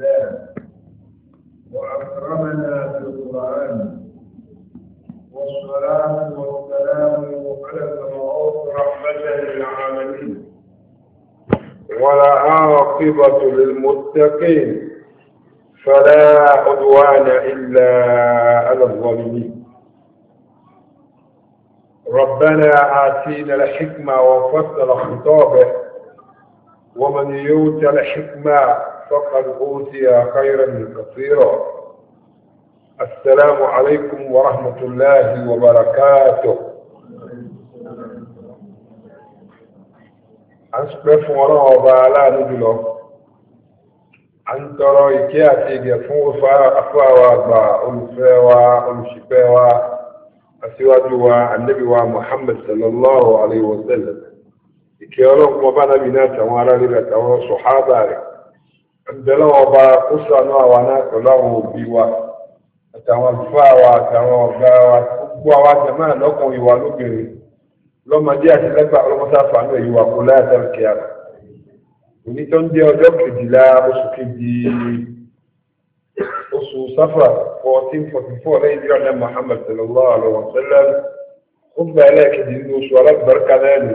الإسلام وأكرمنا بالقرآن والصلاة والسلام على المبعوث رحمة للعالمين ولا عاقبة للمتقين فلا عدوان إلا على الظالمين ربنا آتينا الحكمة وفصل خطابه ومن يؤت الحكمة فقد اوتي خيرا كثيرا السلام عليكم ورحمة الله وبركاته أنا وراء وبالا نجلو أنت روي كياتي جفور فا أفا وابا ألفا وألشفا أسواجوا النبي ومحمد صلى الله عليه وسلم كيرو أن بنات وارا لبتا ìbẹ̀lọ́wọ́ ọba kó ṣàánú àwa náà pẹ̀lú àwọn òbí wa àtàwọn àlùfáà wa àtàwọn ọ̀gá wa gbogbo àwa jẹ̀mọ́ àlọ́kùnrin wa lóbìnrin lọ́mọdé àti lẹ́gbà ọlọ́mọsáfàánú èyí wa kó láyàtọ̀ kíá òní tó ń jẹ́ ọjọ́ kejìlá oṣù kejì oṣù sáfà fourteen forty four lẹ́yìn ìjọba náà Muhammad sallallahu alayhi wa sallam ó gba ẹlẹ́ẹ̀kejì nínú oṣù alábàárikà náà ni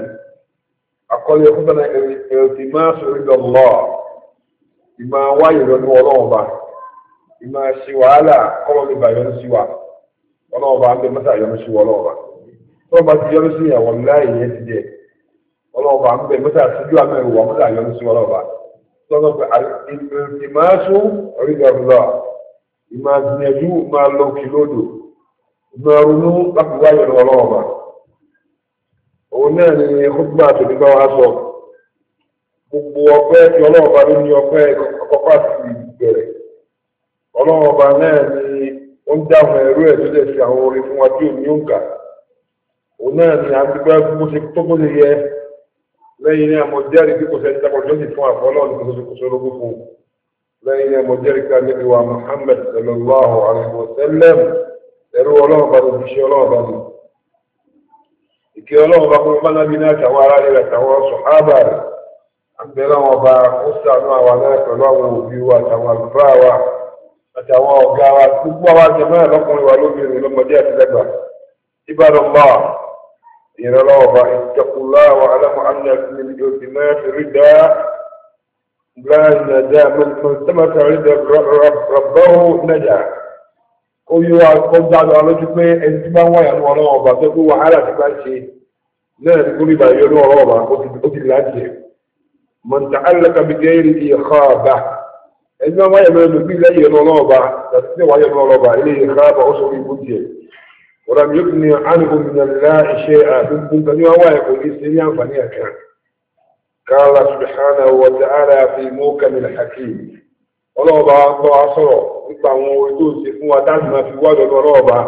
àkọlé ọkùnrin náà ẹ̀rọ ìmọ̀ wáyé lọ́dún ọlọ́run bá ìmọ̀ ṣe wàhálà kọ́lọ́ mi bà yọnu sí wa ọlọ́run bá ń bẹ mẹ́ta yọnu sí wa ọlọ́run bá tọ́lọ́ bá ti yọnu sí ìyàwó láì yẹn ti jẹ ọlọ́run bá ń bẹ mẹ́ta síjú àmẹ́rù wà mẹ́ta yọnu sí wa ọlọ́run bá tọ́lọ́ pé ìmọ̀ sún orí ìdọ̀rọ̀ ìmọ̀ gbìyànjú máa lọ kìlódò ìmọ̀ ronú láti wáyé lọ́wọ́ ọlọ́run bá òun náà ni kó gbogbo ọpẹ́ tí ọlọ́run bá ló ní ọpẹ́ àkọ́kọ́ àti ìbẹ̀rẹ̀ ọlọ́run ọba náà ni ó ń dáhùn ẹrú ẹ̀ tó dẹ̀ sí àwọn orin fún wa tí ò ní òǹkà òun náà ni a ti gbá bó ṣe tó bó ṣe yẹ lẹ́yìn ní àmọ́ jẹ́rìí bí kò sẹ́ni tàbí ọjọ́ sì fún àfọ́ náà ní kò sókò sóró gbogbo lẹ́yìn ní àmọ́ jẹ́rìí ká níbi wa Muhammad sallallahu alaihi wa sallam ẹrú ọlọ́run bá lóbi ṣe ọlọ́run bá lóbi ìkẹ́ ọlọ́run bá kọ́ bá lábí náà tàwọn ará rẹ̀ tàwọn sọ̀hábà àgbẹ̀rẹ̀ wọn bá ó sànú àwọn aláìpẹ̀lú àwọn òbí wa àtàwọn àlùfáà wa àtàwọn ọ̀gá wa gbogbo àwọn àjẹmọ́ ẹ̀ lọ́kùnrin wa lóbìnrin lọ́mọdé àti lẹ́gbà ìbàdàn bá ìrànlọ́wọ́ bá ìjọkùnlá wa alámọ̀ àmì àti ìdòdì mẹ́rin rí dáa بلان نجا من سمت عند ربه نجا ó yí wa kó dájú alójú pé ẹni tí bá wáyà ní ọlọ́wọ́ tó kú wàhálà ti bá ṣe náà ní من تعلق بغير إخابة إذا ما يمن بلا ينولوبا تسنى وينولوبا إليه إخابة أصول بنتي ولم يغني عنه من الله شيئا بنت نيوا يقول إسلام فنيا كان قال سبحانه وتعالى في موكم الحكيم ọlọ́ọ̀bá tọ́ asọ̀rọ̀ nípa àwọn orin tó ṣe fún wa dáàbì máa fi wájọ lọ ọlọ́ọ̀bá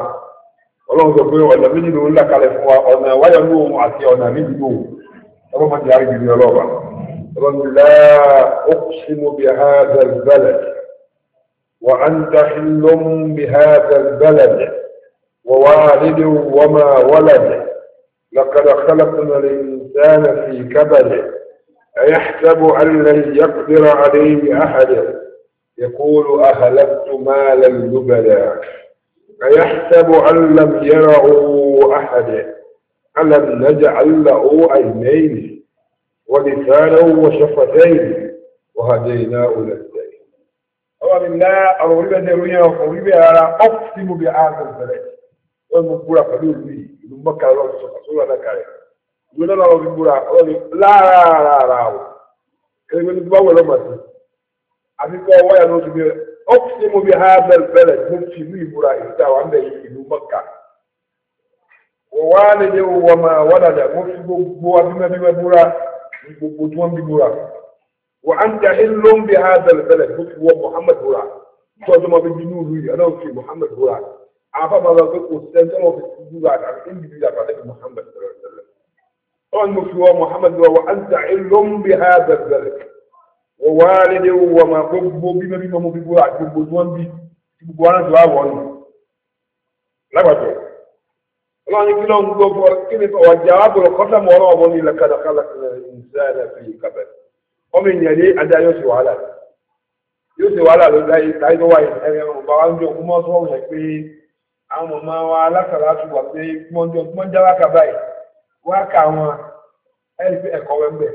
ọlọ́run sọ pé ọ̀nà méjì ló ń là kalẹ̀ fún wa ọ̀nà wáyọ̀ lóhun àti ọ̀nà méjì lóhun ọlọ́mọdé àrígbìnrin ọlọ́ọ̀bá رجل لا أقسم بهذا البلد وأنت حل بهذا البلد ووالد وما ولد لقد خلقنا الإنسان في كبد أيحسب أن لن يقدر عليه أحد يقول أهلكت مالا لبدا أيحسب أن لم يره أحد ألم نجعل له عينين na na e aiọ obi aa ụ a ye ea gbogbo tí wọ́n bí búra wà á ń ta ìlú ń bí ha bẹ̀rẹ̀ kó fi wọ Muhammad búra tí wọ́n tó máa fi bí nínú yìí ọ̀nà òfin Muhammad búra àbá máa fi kò sẹ́ni tó máa fi búra àti ìdílé yàtọ̀ àti Muhammad bẹ̀rẹ̀ bẹ̀rẹ̀ ọ̀nà mo fi wọ Muhammad búra wà á ń ta ìlú ń bí ha bẹ̀rẹ̀ wọ wàhálà ni wọ́n máa gbogbo bímọ bímọ mo fi búra àti gbogbo tí wọ́n bí gbogbo wọn náà ti ọlọ́run kí ló ń gbọ́ fọ́ kí ni ọ̀wà jẹ́ àbúrò kọ́tà mọ́ ọlọ́run ọ̀bọ̀n ní ilẹ̀ kàdàkàdà ìṣẹ́lẹ̀ fi kàbẹ̀ ọmọ ènìyàn ní ajá yóò ṣe wàhálà yóò ṣe wàhálà ló láyé láyé tó wáyé ẹ̀rẹ̀ ọ̀bà wa ń jọ kúmọ́ sọ́wọ́ yẹn pé àwọn ọmọ wa alákàlà ti wà pé kúmọ́jọ kúmọ́já wákà báyìí wákà wọn ẹ̀kọ́ wẹ́mbẹ̀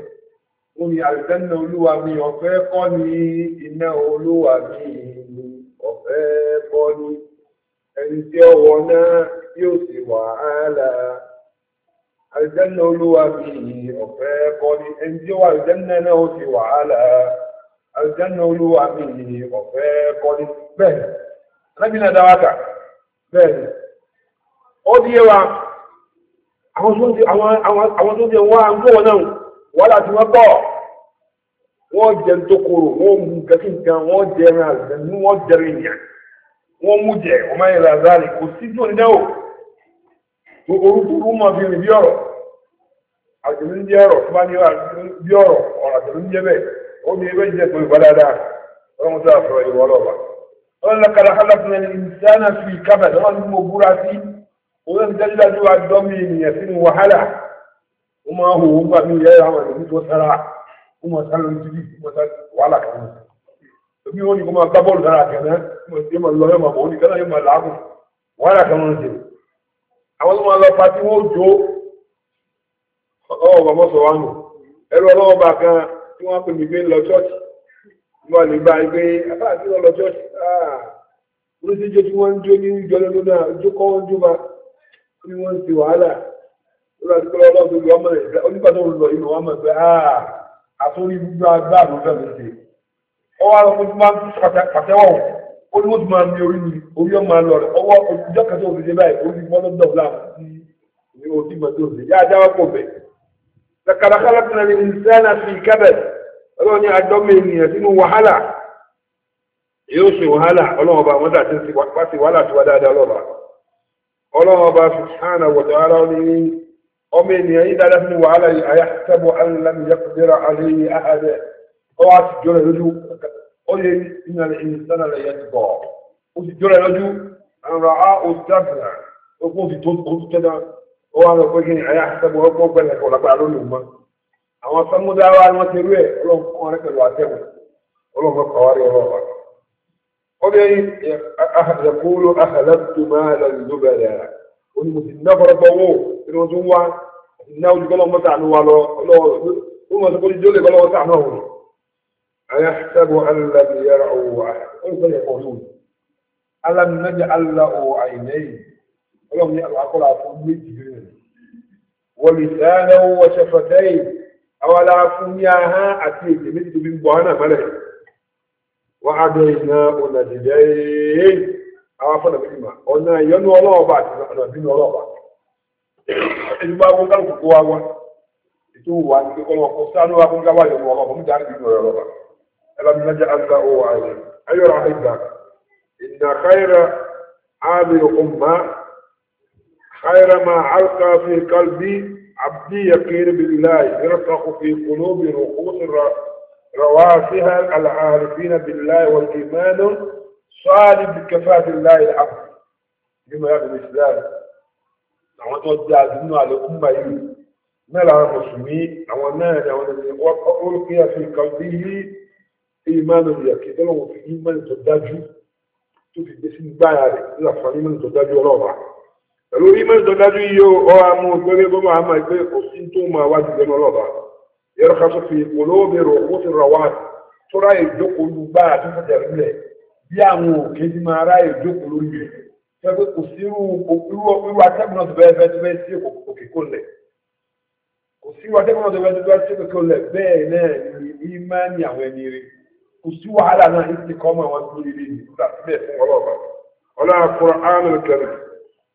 wọ́n ní ẹni tí ọ̀wọ́ náà yóò sì wàhálà àlùjánnà olúwa mi ọ̀fẹ́ kọ́ ni ẹni tí ó wà àlùjánnà náà ó sì wàhálà àlùjánnà olúwa mi ọ̀fẹ́ kọ́ ni bẹ́ẹ̀ alábìnrin àdáwàkà bẹ́ẹ̀ ó di yé wa àwọn tó jẹ wá ń gbọ́ náà wọ́n láti wọ́n tọ́ wọ́n jẹ tó wọ́n mú kẹ́kí wọ́n jẹ ẹran àgbẹ̀ ní wọ́n jẹrin ìyà wọ́n mú jẹ ọmọ ìlà zálì kò sí tó ní náà orúkúrú mọ̀ fi rìn bí ọ̀rọ̀ àjẹ̀lú ń jẹ́ ọ̀rọ̀ tó bá ní bí ọ̀rọ̀ ọ̀rọ̀ àjẹ̀lú ń jẹ́ bẹ́ẹ̀ ó ní ẹgbẹ́ jẹ́ pé ìgbà dáadáa ọlọ́run tó àfọ̀rọ̀ ìwọ ọlọ́ba ọlọ́run lakara halakuna ní ìdáná fi kábẹ̀ lọ́wọ́ ní mo búra sí òun ní dájúdájú wa dọ́mi ènìyàn sínú wàhálà ó máa hù ó gbà mí yẹ́ra àwọn ènìyàn tó sára ó máa sá lórí títí ó máa sá wàhálà kan òbí wọn ni kó máa gbá bọ́ọ̀lù lára kẹ̀mẹ́ yóò máa lọ yóò máa bọ̀ ó ní kẹ́lá yóò máa làágùn wàhálà kan wọn ń ṣe àwọn tó máa lọ pa tí wọ́n jó ọwọ́ bàbá sọ wánù ẹrú ọlọ́wọ́ bá kan tí wọ́n pè mí pé lọ chọ́ọ̀chì wọ́n lè gba ẹgbẹ́ afáàtì lọ chọ́ọ̀chì wọ́n ah, ti jó tí wọ́n ń jó ní ìjọlẹ́ lónà jó kọ́ wọ́n jó ma ní wọ́n ti wàhálà lọ́la tí kọ́lọ́ ọlọ́run tó lọ ọmọ rẹ̀ onígbà tó lọ inú wọn mọ̀ pé ah, àtúrí gbogbo agbáàmù fẹ́ẹ̀ mi ṣe ọwọ́ àwọn máa ń pàtẹ́wọ̀ ó ní wọ́n ti máa mi orí mi orí ọmọ lọ rẹ̀ ọwọ́ ọjọ́ kan tó òṣèlú báyìí orí wọn ló dọ̀ láàmú sí ní òsì mọ̀ tó òṣèlú yá ajá wọ́pọ̀ bẹ̀. kàkàràkàrà tó nà ní sẹ́nà fi kábẹ̀ ọlọ́run ní adọ́mọ ènìyàn sínú wàhálà yóò ṣe wàhálà ọlọ́run ọba àwọn dàtí wá sí wàhálà tó wá dáadáa lọ́ba ọlọ́run ọba sùhánà wọ̀tọ̀ ara ó ní ọmọ ènìyàn yìí dáadáa sínú wàhálà yìí àyà ó lè iná lè iná sọ́nà lè yẹ ti bọ̀ ó sì jọ́ra lọ́jú ẹ̀rọ á ó dábìlà ó kó fi tó ó ti tẹ́lá ó wà lọ pé kí ni ayé àtẹ́bù ó kó kọ̀ lágbára lónìí mọ́ àwọn sọ́múdá wa ni wọ́n ti rú ẹ̀ ọlọ́run rẹ̀ pẹ̀lú àtẹ́wò ọlọ́run kọ̀ wá rí أيحسب أن لم يرعوا أحد يقولون ألم نجعل له عينين ولم يقل عقل عقل ولسانه وشفتين أولا فمياها أتيت مثل من بوانا ملك وعديناه نجدين أوافنا بإما قلنا ينو الله بعد نحن بين الله بعد إذا ما قلنا قلنا قلنا قلنا قلنا قلنا قلنا قلنا قلنا قلنا قلنا قلنا لم نجعل له عينا أي الأحبة إن خير هذه الأمة خير ما ألقى في قلبي عبدي يقين بالله يرفق في قلوب رؤوس رواسها العارفين بالله والإيمان صالب بكفاة الله الحق لما يقول الإسلام àwọn tó jẹ́ àdínú àlékúnbà yìí mẹ́ra mùsùlùmí àwọn náà ni في قلبه ìmánu ìyàkí tọ́lọ́wọ́ fi ìmánu tó dájú tó fi gbé sínú gbára rẹ̀ nígbà fún ìmánu tó dájú ọlọ́ọ̀bà pẹ̀lú ìmánu tó dájú yíyó ọ̀rọ̀ amú gbẹ́gbẹ́ bọ́ máa máa gbé òsì tó máa wá jùlọ ọlọ́ọ̀bà yẹrọ kan tó fi polówó mi rò ó ti rọ̀ wá tó ráyè jókòó lu gbára tó fẹ́ jẹ̀rú lẹ̀ bí àwọn òkè ti máa ráyè jókòó lórí rẹ̀ fẹ́ẹ́ kò sí irú atẹ́gùn náà tó bẹ́ẹ̀ fẹ́ tó bẹ́ẹ̀ sí òkè kò lẹ̀ kò sí irú atẹ́gùn náà tó bẹ́ẹ̀ tó bẹ́ẹ̀ sí òkè kò lẹ̀ bẹ́ẹ̀ náà ni ìmánu àwọn ẹni rẹ̀ kò sí wàhálà náà ní ti kọ́mọ̀ wọn lórí ilé yìí kúrò àtúbẹ̀ fún ọlọ́ọ̀bà ọlọ́ọ̀ Qur'an al-Karim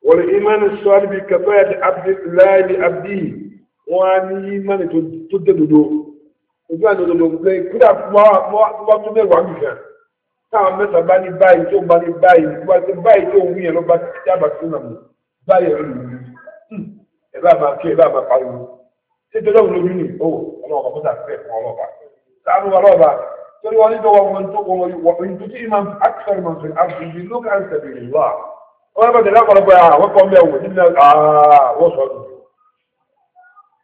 wọ́n imán sọ́ọ́lì bíi kẹfẹ́ àti abdullahi ni abdi wọ́n á ní imán tó dé dodo ojú àti dodo pé kúrò àtúbọ̀ tó bẹ̀ wà nìkan táwọn mẹ́ta bá ní báyìí tó bá ní báyìí wá sí báyìí tó wú yẹn ló bá ti dábà tó nà mọ́ báyìí rẹ̀ lù hmm. kí ẹ̀ bá So you only go one to one أكثر من في الأرض يدلوك عن سبيل الله. وأنا بدي لا أقول بقى وقوم يا ولد آه وصل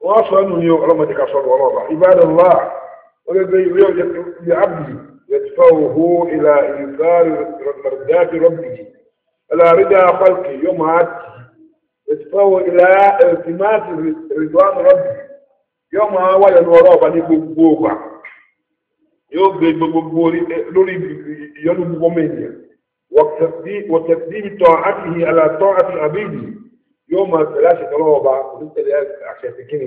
وصل يو لما تكسر ورابع عباد الله ولد لعبده يدفعه إلى إيثار مرضات ربه إلى رضا خلقه يوم عاتي يدفعه إلى التماس رضوان ربه يوم هو ينورابا نبوغا yóò gbé gbogbo lórí ìyọnu gbogbo ọmọ ènìyàn wọ̀tẹ̀síbi tọ́ àti ìhì àlàtọ́ àti àbíyì yóò máa tẹ̀lé àṣẹ tọ́lọ́ ọba onítẹ̀lé àṣẹ ti kíni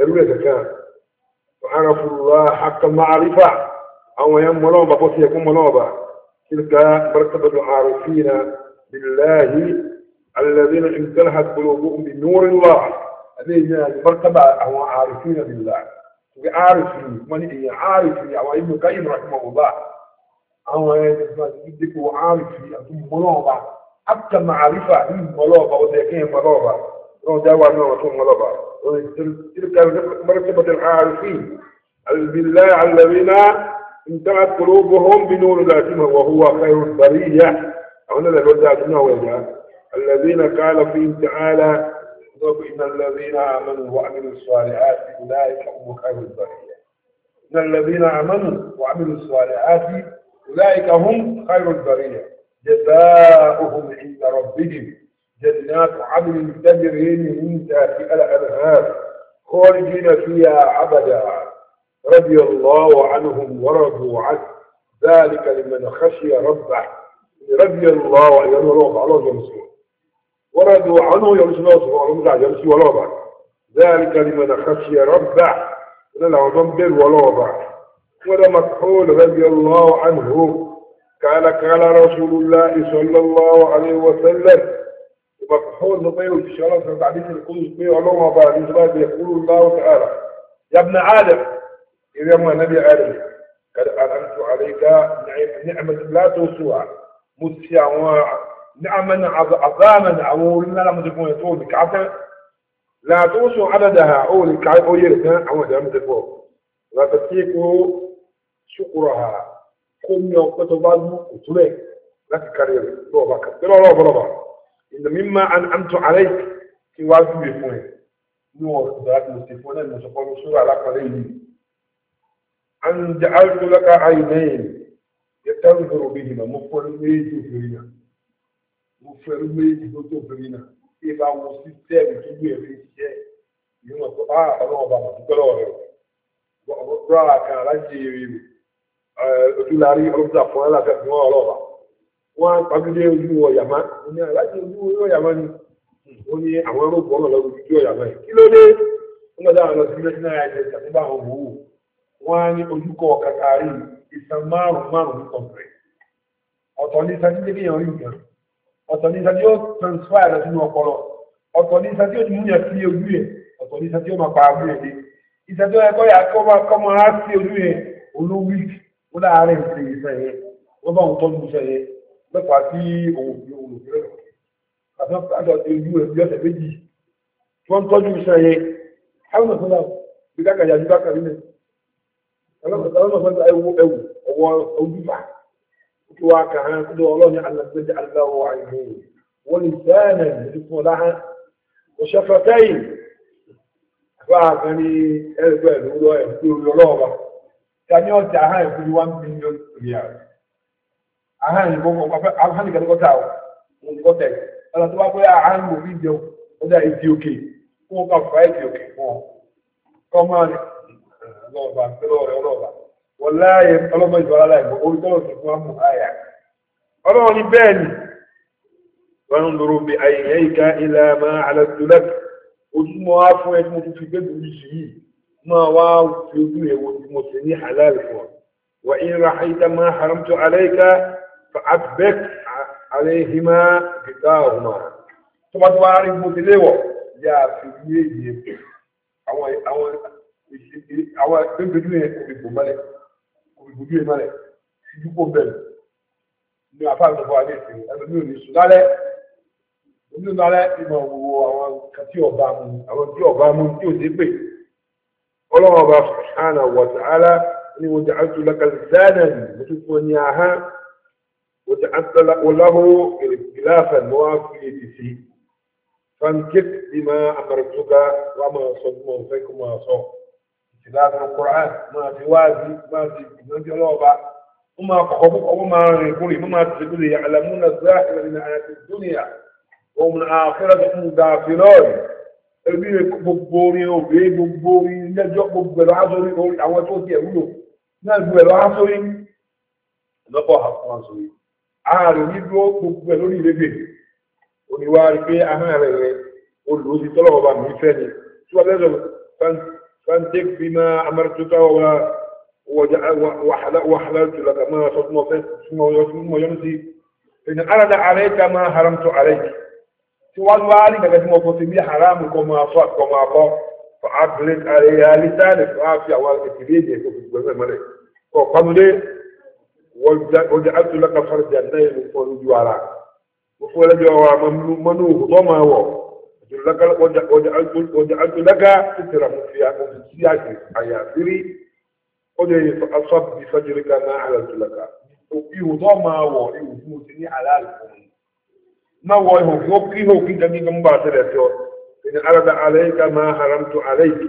ẹ̀rú rẹ̀ kankan arafuruwa akamarifa àwọn ẹ̀yàn mọ́lá ọba bó ti ẹ̀kú mọ́lá ọba tilka martabatu arifina billahi alladhina imtalahat qulubuhum bi nuri llah àti ìyẹn martaba àwọn arifina billahi بعارفني من إني عارفني يعني ابن قيم رحمه الله أو أنا يعني حتى معرفة من ملوبة وزيكين ملوبة تلك مرتبة العارفين بالله الذين انتهت قلوبهم بنور ذاتهم وهو خير البرية الذين قال فيهم تعالى ذوق إن الذين آمنوا وعملوا الصالحات أولئك هم خير البرية إن الذين آمنوا وعملوا الصالحات أولئك هم خير البرية جزاؤهم عند ربهم جنات عدن تجري من تحتها الأنهار خالدين فيها أبدا رضي الله عنهم ورضوا عنه ذلك لمن خشي ربه رضي الله عنه ورضوا عنه وردوا عنه يوم سنوصف وعلم يرسل ولا بعد ذلك لمن خشي ربه لنا وضمبر ولوبا ولا مكحول رضي الله عنه قال قال رسول الله صلى الله عليه وسلم مكحول نطير في شرف القدس في علوم بعد يقول الله تعالى يا ابن عالم إذا ما نبي عالم قد أنعمت عليك نعمة لا توسوها مسيا نعما عظاما او لا مدفون يطول بكعفه لا توصوا عددها او الكعفه او يرتها او لا مدفون لا تتيكوا شكرها كم يوم تبادلوا قتلك لا تكرر لو بك لا لا بربا إن مما انعمت عليك في واجب بفوه نور ذات مستفونه المسقوم سوره على قليل أن جعلت لك عينين يتنظر بهما مفعول به mo fẹ́ ló méjì tó tó obìnrin náà bí ẹ bá wọ sí tẹ́ẹ̀mù tó gbé ẹ̀rí iṣẹ́ ìlú wọn pé ah ọlọ́wọ́ bàbá dúpẹ́ lọ́wọ́ rẹ̀ rọ́ra kan aláṣẹ eh, ojúlarí ọlọ́dà fún aláṣẹ fún ọlọ́wà wọn pàmílẹ̀ ojú ọ̀yàmá ní aláṣẹ ojú ọ̀yàmá ni ó ní àwọn ọlọ́gbọ̀n náà lọ́wọ́ ojú ọ̀yàmá yìí kí ló dé wọn lọ́dà lọ sí ilé náírà ẹ̀jẹ̀ ìṣàkóbá àwọn òwò wọn á ní ojúkọ kàkàrí ìsan márùn márùn ní kọ̀ọ̀kẹ́ ọ̀tọ̀ ní sátidé bí yàn ọ̀tọ̀ ní ìsàtí ó transfer rẹ̀ sínú ọpọlọ ọ̀tọ̀ ní ìsàtí ó ti mú yẹn sí ojú yẹn ọ̀tọ̀ ní ìsàtí ó máa pa ojú yẹn dé ìsàtí ó yẹ kọ́ yà kọ́ máa kọ́ máa sí ojú yẹn olówí ó láàárẹ̀ ìṣe ìṣe yẹn wọ́n bá òun tọ́jú ìṣe yẹn lọ́pàá sí òun fi òun òfin rẹ̀ àti àjọ ti ojú ẹ̀ bí ọ̀sẹ̀ méjì tí wọ́n tọ́jú ìṣe yẹn àwọn ọ̀sán náà bí kákàjà ju kákàjà nílẹ̀ ọlọ́mọ̀sán ẹwù ọwọ́ ojú fà وكان كل والله على البدع الله عينيه ولسانا لفلها وشفتين فاغني البل ولو يقول لوبا كان يوجع هاي في 1 مليون ريال ahani gbogbo ọgbà ahani gẹlẹgọta o gọtẹ ọlọ tó bá mo jẹun fún ọkọ fún ọ kọ máa wọláyé ọlọ́mọ ìjọra láìpọ̀ orí tọ́lọ̀ sí fún àmú àyà ọlọ́run ni bẹ́ẹ̀ ni wọ́n ń lọ́rọ̀ bí ayẹyẹ ìka ilẹ̀ máa alẹ́tùlẹ́k ojúmọ́ á fún ẹni mo tún fi gbẹ́gbẹ́ mi sí yìí máa wá fi ojú rẹ̀ wo tí mo sì ní halal fún ọ wà ń ra àyíká máa haramtọ́ alẹ́ka fa abẹ́k alẹ́hìmá gẹ̀gá ọ̀hùnmá tọ́mọtọ́mọ arí mo ti léwọ̀ yá fi yé yé àwọn àwọn ìgbẹ́gbẹ́ yẹn kò fi bò olùbójú ẹ̀ mọ́lẹ̀ síjú kó bẹ̀rẹ̀ ní apáàlú bọ́ adé ìsìn ẹlòmí ò ní sùn lálẹ́ omi ò lálẹ́ ìmọ̀ wo àwọn kan ọba mu àwọn tí ọba mu tí ò sí pè ọlọ́run ọba subhanahu wa ta'ala wọ́n ti àtúntò lákàlẹ̀ sáàdà ní mo tún fún ní ahán wọ́n ti àtúntò lákòláhó ìlànà Quran máa fi wáàzí máa fi ìgbìyànjú ọlọ́ọ̀bá ó máa kọ̀kọ́ púpọ̀ ó máa rìn kúrì ó máa tètè lè àlàmú náà zá ìlànà àti dúnìyà òun àfẹ́rẹ́ tó ń ga àfilọ́ọ̀rì ẹbí gbogbo orin òwe gbogbo orin lẹ́jọ́ gbogbo ẹ̀rọ aṣọ́rí àwọn tó ti ẹ̀wúlò náà gbogbo ẹ̀rọ aṣọ́rí lọ́pọ̀ àwọn aṣọ́rí ààrùn nílò gbogbo ẹ̀ lórí ìrẹ́gbẹ̀ oníwárí pé ahọ́n rẹ̀ rẹ̀ olùdókítọ́lọ́wọ́ bá mi fẹ́ ni tí wọ́n lẹ́sọ̀rọ̀ فامسك بما أمرتك وحللت لك ما صدمت ثم يمسي إن أرد عليك ما حرمت عليك سوى الوالي لك ثم فصمي حرام كما صد كما قال فأقلت عليها لسانك عافية والإتبيد وقال وجعلت لك فرجا نيل فرج وراك وقال لك ممنوع ضمى وجعلت لك سترا في عيافري قل فأصب بفجرك ما أعلنت لك ìhùtọ́ máa wọ̀ ihò fún ti ní aláàlùkù máa wọ ihò fún ihò kí jẹ́ gígan bá tẹ́lẹ̀ tí ọ ìní alada aláìka máa haram tó aláìkì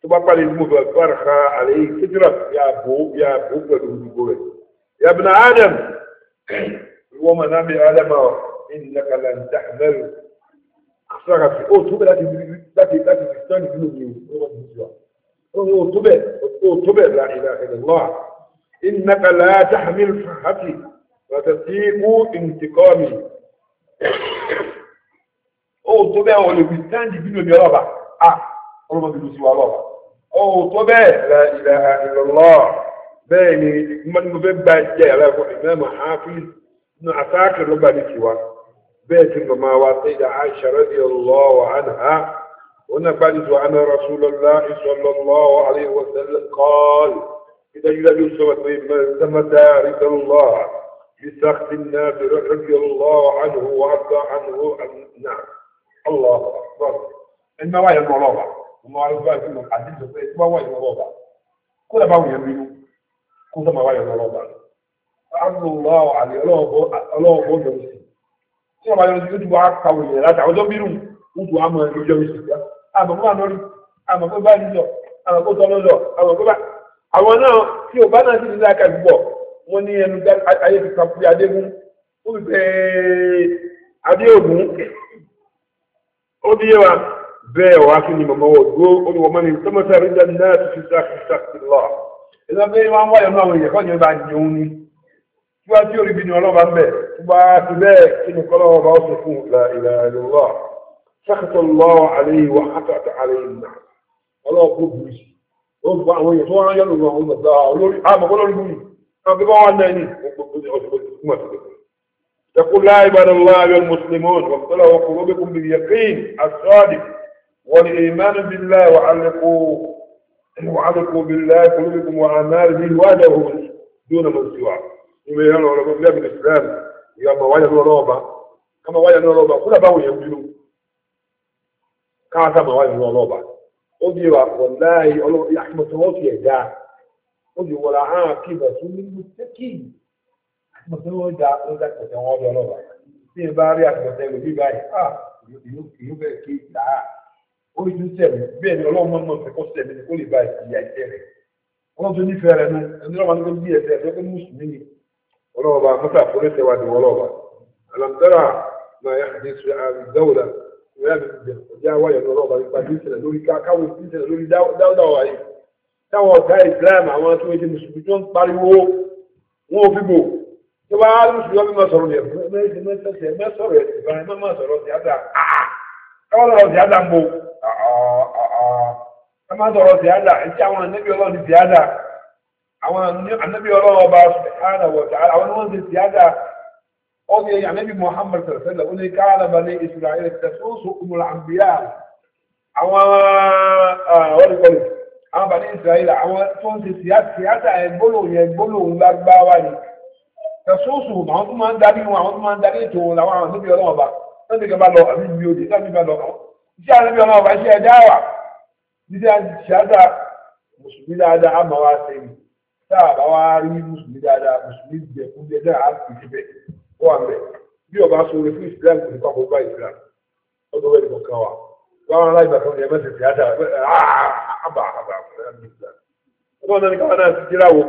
tó bá pàdé mú bẹ bára ha aláìkì fitra yà bó yà bó Ya ìdìbò ya yà bìnà adam ìwọ mà náà bí adam ọ̀ ìní lẹ́kàlà ń dàgbẹ́rù sọ́ra fi ó tó bẹ̀ láti láti láti fi tán ìlú mi o ó tó bẹ̀ ó tó bẹ̀ láti láti lọ́wọ́ إنك لا تحمل صحتي وتسيء انتقامي ó tó bẹ́ẹ̀ wọ́n lè fi sáǹdì bínú mi ọlọ́ba à ọlọ́ba bínú sí wa ọlọ́ba ó tó bẹ́ẹ̀ la ilaha illallah bẹ́ẹ̀ ni mo fẹ́ gba jẹ́ ìyàrá ẹ̀kọ́ ìmọ̀ ààfin nínú àtàkì lọ́gbà ní tiwa بيت مما واتيد عائشة رضي الله عنها ونبلت أن رسول الله صلى الله عليه وسلم قال إذا يلبس من ثمت رضا الله بسخط الناس رضي الله عنه وأرضى عنه الناس الله أكبر إنما وعي المرابع وما أعرف بقى كلهم عزيز وقيت ما وعي المرابع كل ما وعي يمينه كل ما وعي المرابع فأمر الله عليه الله أبو الله أبو tí wọ́n bá yọ lójú wa kàwé yẹn láti àwọn ọjọ́ mìíràn wọ́n tó àmọ́ ìjọ oṣù tí àmọ́ fún àná rí àmọ́ fún báyìí lọ àmọ́ fún tọ́lọ́ lọ àmọ́ fún bá àwọn náà tí ò bá náà sì ní láàkà ìbúbọ̀ wọ́n ní ẹnu ayé ti kàn fún adégún ó fi pé adéògùn ó bí yé wa bẹ́ẹ̀ wá kí ni mọ̀mọ́ wọ̀ dúró ó ní wọ́n mọ́ ni tọ́mọ́sá rí jáde náà ti fi sáàkì lọ ìlọ́pẹ́ wọn wáyọ̀ náà àwọn èèyàn kọ́ وباك إن قالوا باصفوا لا إله إلا الله سخط الله عليه وحقت عليه النحو الله قد مشي رب àwọn èèyàn tó wá ń yẹnu lọ ọmọ ọdọ olórí àmọkọ lórí lórí àbí bá يقول لا عباد الله أيها المسلمون وابتلوا قلوبكم باليقين الصادق والإيمان بالله وعلقوا وعلقوا بالله قلوبكم وأعمال به دون من سواه. إما يرون الإسلام ìyá ọmọ wáyà ní ọlọ́wọ́ bá kọ́mọ wáyà ya ọlọ́wọ́ kaza kúrò báwo yẹn bínú káàtà mọ̀ wáyà ní ọlọ́wọ́ bá ó di wà pọ̀ láì àkìmọ̀tò wọ́n fi ẹ̀dá ó di wọ́n ra àkìmọ̀ tó ní mú sẹ́kì àkìmọ̀tò ولو با مسا فلسة وادي ولو با ألم ترى ما يحدث في هذه الدولة يا ويا ولو با يبقى بيسنا لوري كاكاو بيسنا لوري داو داو داو أي táwọn ọ̀gá ìsìláàmù àwọn tó ń ṣe mùsùlùmí tó ń pariwo wọn ò fi bò tó bá lùsùlùmí wọn fi máa sọ̀rọ̀ yẹn mẹ́sẹ̀ mẹ́sẹ̀ mẹ́sọ̀rọ̀ ẹ̀sìn ìbára ẹ̀ máa sọ̀rọ̀ ọ̀sìn àdá káwọn lọ́wọ́ ọ̀sìn àdá ń bò ẹ máa sọ̀rọ̀ ọ̀sìn àdá ẹ̀ tí àwọn ẹ̀nẹ́bí ọlọ́ọ̀ni ọ̀sìn àdá àwọn anábì ọlọ́wọ́ bá subhanahu wa ta'ala àwọn ni wọ́n ti síyáda ọdún yẹn anábì Muhammad sallallahu ó ní káàlà bá ní Israel tẹ̀sọ́sọ́ umul anbiya àwọn ọ̀rẹ́kọ̀lù ah, àwọn bá ní Israel àwọn tó ń ti síyáda ẹ̀ gbólóhùn yẹn gbólóhùn lágbáwá ni tẹ̀sọ́sọ́ àwọn tó máa ń darí wọn àwọn tó máa ń darí ètò wọn làwọn anábì ọlọ́wọ́ bá wọ́n ti kẹba lọ àbí mi ò dé láti bá lọ àwọn iṣẹ́ àrẹ́bí ọlọ́wọ́ tá a bá wá rí mùsùlùmí dáadáa mùsùlùmí jẹ fún jẹ dáa àti ìdíbẹ ó wà mẹ bí ọba sọ̀rọ̀ fún islam kò ní pa kó bá islam ọdún wẹẹni kò kàn wá wọn àwọn aláìgbà kan yẹ mẹsẹ tíátà àbà àbà ọdún ọdún kan náà ti jíra wo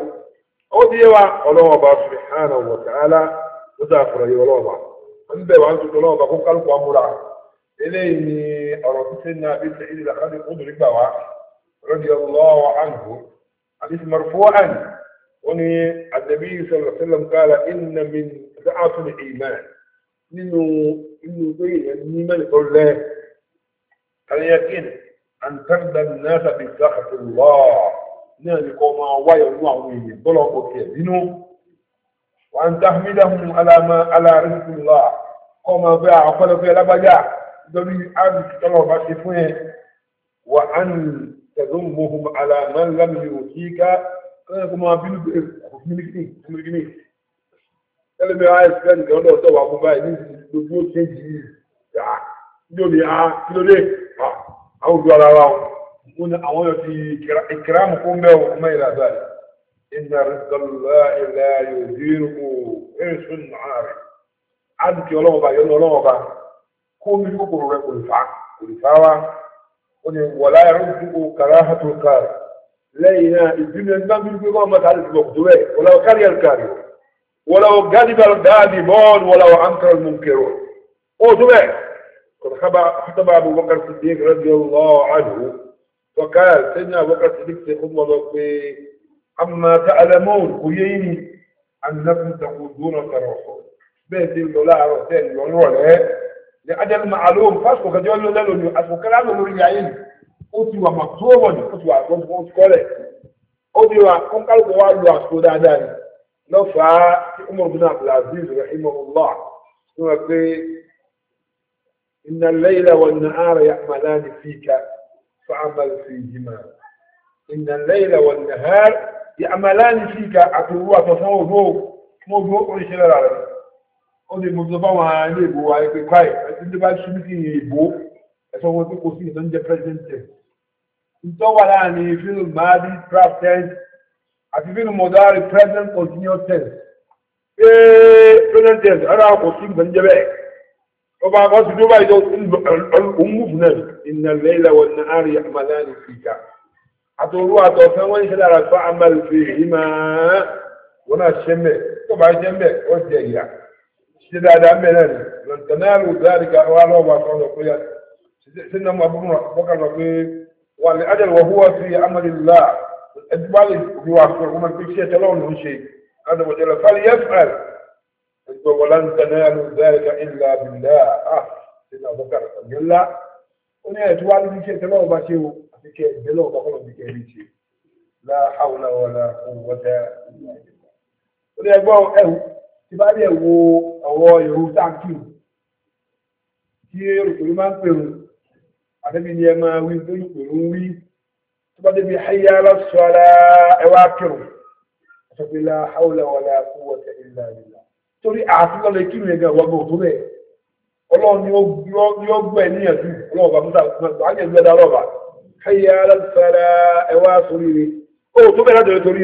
ó ti yé wa ọlọ́wọ́ ọba subhanahu wa ta'ala ó dà fúnra yìí ọlọ́wọ́ ọba ń bẹ̀ wá ń tuntun ọlọ́wọ́ ọba kó kálukú amúra eléyìí ni ọ̀rọ̀ títí náà bí sẹ́yìn ìlàkadì ó dùn nígbà wá rọ́dí ọlọ́wọ́ àǹgó àdìsí mọ̀rọ̀fọ́ àǹgó وني النبي صلى الله عليه وسلم قال إن من ضعف الإيمان منه إنه بين الإيمان الله اليقين أن ترضى الناس بسخط الله نعم كما ويوم وين بلغ كيدينه وأن تحمدهم على ما على رزق الله كما باع فلو في لبجا دبي أرض تلو بسيفه وأن تذمهم على من لم يؤتيك ẹ̀kọ́ máa bínú pé a ah, kí ló ah, ah, fi ìkìrámù fún bẹ́ẹ̀ wọn mẹ́rin àgbà ìnà rẹ̀dọ̀lá ìlà yòdìrú kò ẹ̀rì sún náà rẹ̀ àdùkì ọlọ́wọ́ bá yọ̀nà ọlọ́wọ́ bá kó mi kókòrò rẹ̀ lẹ́yìn náà ìbínú ẹni bá bíbí kọ́ ọmọ tààlù ìbùkún tó bẹ́ẹ̀ wọ́n lọ́wọ́ kárí ẹ̀rùkárì wọ́n lọ́wọ́ gádìbà dáàbì bọ́ọ̀lù wọ́n lọ́wọ́ ankara munkero ó tó bẹ́ẹ̀ kọ̀tàkàbà kọ́tàbà abubakar sidik radiyallahu anhu wọ́kàl sẹ́yìn abubakar sidik ṣe kó mọ́ lọ pé amma ta'lamun kò yé yín annakum taquduna sarahu bẹ́ẹ̀ ti lọ láàárọ̀ tẹ́ lọ lọ́rẹ̀ ní adẹ́nu ma'alum fásitì kọjọ́ lọ́lọ́lọ́ ó ti wà màtúwọ̀ ní ó ti wà gbọ́n ti kọ́lẹ̀ ó ti wà kó kálukú wa lu àsìkò dáadáa ni lọ́fàá tí Umar bin Abdulaziz rahimahullah ní wọ́n pé inna al-layla wan-nahara ya'malani fika fa'mal fihima inna al-layla wan-nahara ya'malani fika àti owó àtọ̀sán òdó mo dúró oríṣiríṣi rẹ̀ ó ti mú tó bá ilé ìbò wa ẹgbẹ́ káì ẹgbẹ́ bá ṣubú sí ìbò ẹ̀sọ́wọ́ tó kò sí ìtọ́ ń jẹ́ present tense ìtọ́ wà láàrin ìfínú gbáàdì draft tense àti ìfínú mọ̀dáàrí present continuous tense pé present tense ara kò sí ìgbà ń jẹ́ bẹ́ẹ̀ ọba akọ́sí tó bá ìjọ òmùfù náà ìnàlẹ́ ìlàwọ̀ náà rí àmàlà ní ìkà àtòrú àtọ̀fẹ́ wọ́n ń ṣe lára fún àmàlù fi èyí máa wọ́n náà ṣe mẹ́ tó bá ṣe mẹ́ wọ́n jẹ ìyá ṣe dáadáa mẹ́rẹ̀ lọ́tẹ̀ náà lò dáríkà wà lọ́wọ́ àtọ́lọ́pẹ́yà sínú ọmọ abúlé bọ́kà lọ pé wà ní ajal wà húwà sí amadilá ẹtí bá lè fi wà fún ọmọ pé ṣé ẹtọ́ lọ́wọ́ ló ń ṣe adàbọ̀jẹ̀ lọ fàlẹ̀ yẹn fàl ẹgbẹ́ wà láti tẹ̀lé ẹnu bẹ́ẹ̀ ká ìlà bìlá à sínú ọbọ̀kà ọ̀gẹ̀ ńlá ó ní ẹtí wà lórí ṣe ẹtọ́ lọ́wọ́ bá ṣe o àti kẹ ẹgbẹ́ lọ́wọ́ bá kọ́lọ́ bìkẹ́ rí ṣe lá hàwùlà wàlà quwwata illa billah ó ní ẹgbẹ́ ẹ̀wù ti bá rí ẹ̀wù ọ̀wọ́ ìrù táǹkì tí olùkùnrin máa ń pè àdébí ni ẹ máa wí lórí ìpèrú wí tó bá débi hayya ala sala ẹ wá kírun àtọ́bí la hawla wala quwwata illa billah torí àti lọ́lẹ̀ kírun yẹn gan wọ́n gbọ́ tó bẹ́ẹ̀ ọlọ́run ni ó gbọ́ ẹ̀ níyànjú ọlọ́run bá musa àjẹ́ ìgbẹ́dá ọlọ́ba hayya ala sala ẹ wá ó tó bẹ́ẹ̀ láti rẹ̀ sórí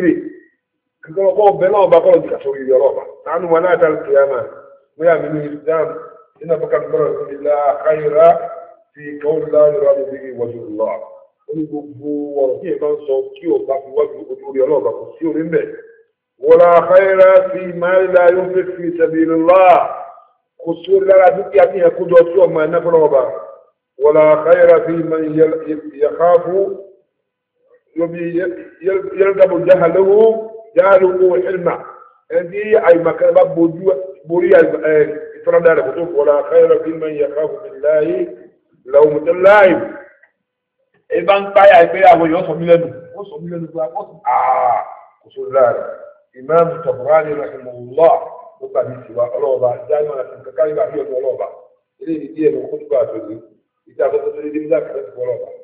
rẹ̀ في قول لا يراد به وجه الله ní gbogbo ọ̀rọ̀ tí èèyàn sọ kí o bá fi wájú ojú rí ọlọ́ọ̀bà kò sí orí mẹ́ wọ́lá àkáyẹ́rá fi máa ń la yóò fi fi sabilillah kò sí orí lára dúkìá ní ẹ̀kújọ tí ọmọ ẹ̀ náà fọlọ́ ọba wọ́lá àkáyẹ́rá fi máa ń yàká fún yomi yẹ́rẹ́dàbò jáhàlówó jáhàlówó ẹ̀nà ẹni àyùmọ̀kẹ́ bá borí ìfaradà rẹ̀ kò tó wọ́lá àkáyẹ́rá fi máa ń yàká fún mi láyé ìrọ̀ ohun tó láì ẹbá ń páyà pé àwọn èèyàn sọ mí lẹ́nu wọ́n sọ mí lẹ́nu gba wọ́n sọ àà ah, kò só láàrin Imam Tabrani rahimahullah ó gbà mí sí wa ọlọ́ọ̀ba dáhùn àti kankan ìgbà bí ọ̀dọ̀ ọlọ́ọ̀ba eléyìí díẹ̀ ló kó tó bá àtòjú ìdí àkókò tó dé dé bí